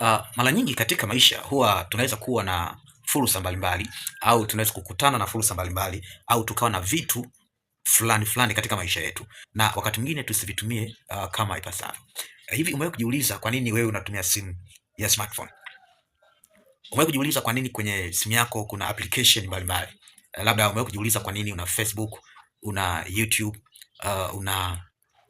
Uh, mara nyingi katika maisha huwa tunaweza kuwa na fursa mbalimbali au tunaweza kukutana na fursa mbalimbali au tukawa na vitu fulani fulani katika maisha yetu, na wakati mwingine tusivitumie uh, kama ipasavyo. Uh, hivi umewahi kujiuliza kwa nini wewe unatumia simu ya smartphone? Umewahi kujiuliza kwa nini kwenye simu yako kuna application mbalimbali? Uh, labda umewahi kujiuliza kwa nini una Facebook, una YouTube, uh, una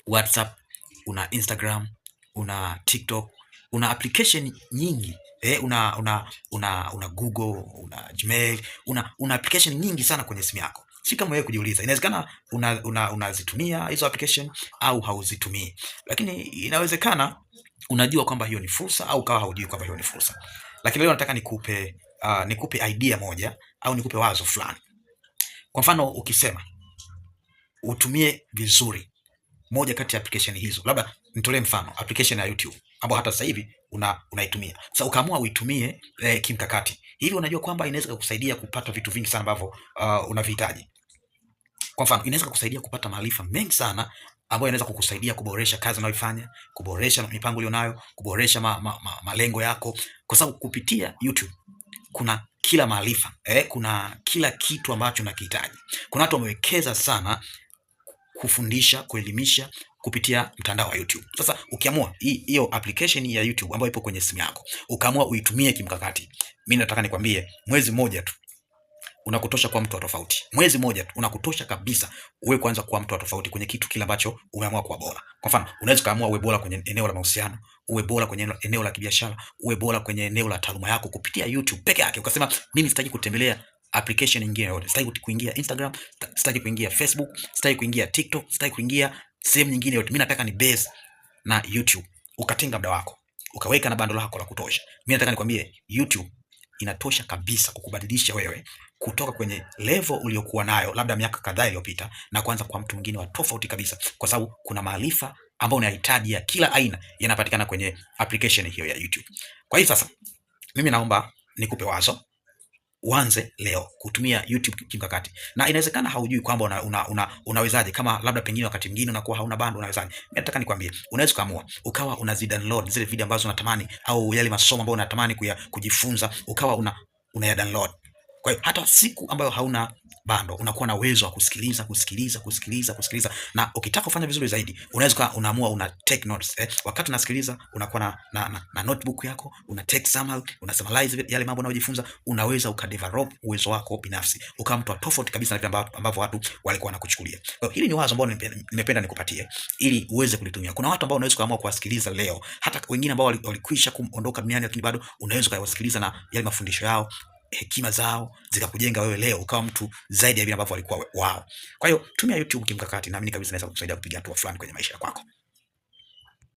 WhatsApp, una Instagram, una TikTok una application nyingi eh, una una una una Google, una Gmail, una una application nyingi sana kwenye simu yako. Si kama wewe kujiuliza, inawezekana unazitumia una, una hizo application au hauzitumii, lakini inawezekana unajua kwamba hiyo ni fursa au kawa haujui kwamba hiyo ni fursa. Lakini leo nataka nikupe uh, nikupe idea moja au nikupe wazo fulani. Kwa mfano ukisema utumie vizuri moja kati ya application hizo, labda nitolee mfano application ya YouTube ambao hata sasa hivi una unaitumia. Sasa ukaamua uitumie eh, kimkakati. Hivi unajua kwamba inaweza kukusaidia kupata vitu vingi sana ambavyo uh, unavihitaji. Kwa mfano, inaweza kukusaidia kupata maarifa mengi sana ambayo inaweza kukusaidia kuboresha kazi unayoifanya, kuboresha mipango ulionayo, kuboresha ma, ma, ma, malengo yako kwa sababu kupitia YouTube kuna kila maarifa eh, kuna kila kitu ambacho unakihitaji. Kuna watu wamewekeza sana kufundisha, kuelimisha kupitia mtandao wa YouTube. Sasa ukiamua hiyo application ya YouTube ambayo ipo kwenye simu yako, ukaamua uitumie kimkakati, mimi nataka nikwambie, mwezi mmoja tu unakutosha kuwa mtu wa tofauti. Mwezi mmoja tu unakutosha kabisa uwe kuanza kuwa mtu wa tofauti kwenye kitu kile ambacho umeamua kuwa bora. Kwa mfano, unaweza ukaamua uwe bora kwenye eneo la mahusiano, uwe bora kwenye eneo la kibiashara, uwe bora kwenye eneo la taaluma yako kupitia YouTube peke yake, ukasema mimi sitaki kutembelea application nyingine yote. Sitaki kuingia Instagram, sitaki kuingia Facebook, sitaki kuingia TikTok, sitaki kuingia sehemu nyingine yote. Mimi nataka ni base na YouTube. Ukatenga muda wako, ukaweka na bando lako la kutosha. Mimi nataka nikwambie YouTube inatosha kabisa kukubadilisha wewe kutoka kwenye level uliyokuwa nayo labda miaka kadhaa iliyopita na kuanza kwa mtu mwingine wa tofauti kabisa, kwa sababu kuna maarifa ambayo unahitaji ya kila aina yanapatikana kwenye application hiyo ya YouTube. Kwa hiyo sasa, mimi naomba nikupe wazo uanze leo kutumia YouTube kimkakati, na inawezekana haujui kwamba una, una, una, unawezaje. Kama labda pengine wakati mwingine unakuwa hauna bando, unawezaje? Mimi nataka nikwambie, unaweza ukaamua ukawa unazi download zile video ambazo unatamani au yale masomo ambayo unatamani kuya, kujifunza ukawa una, unaya download. Kwa hiyo hata siku ambayo hauna bando, unakuwa na uwezo wa kusikiliza kusikiliza kusikiliza kusikiliza, na ukitaka kufanya vizuri zaidi unaweza ukawa unaamua una take notes eh. Wakati unasikiliza unakuwa na, na, na, na notebook yako una take summary, una summarize yale mambo unayojifunza, unaweza ukadevelop uwezo wako binafsi ukawa mtu tofauti kabisa na vile ambavyo watu walikuwa wanakuchukulia. Kwa hiyo hili ni wazo ambalo nimependa nikupatie ili uweze kulitumia. Kuna watu ambao unaweza kuamua kuwasikiliza leo, hata wengine ambao walikwisha kuondoka duniani, lakini bado unaweza kuwasikiliza na yale mafundisho yao hekima zao zikakujenga wewe leo ukawa mtu zaidi ya vile ambavyo walikuwa wao. Kwa hiyo tumia YouTube kimkakati, naamini kabisa inaweza kukusaidia kupiga hatua fulani kwenye maisha yako.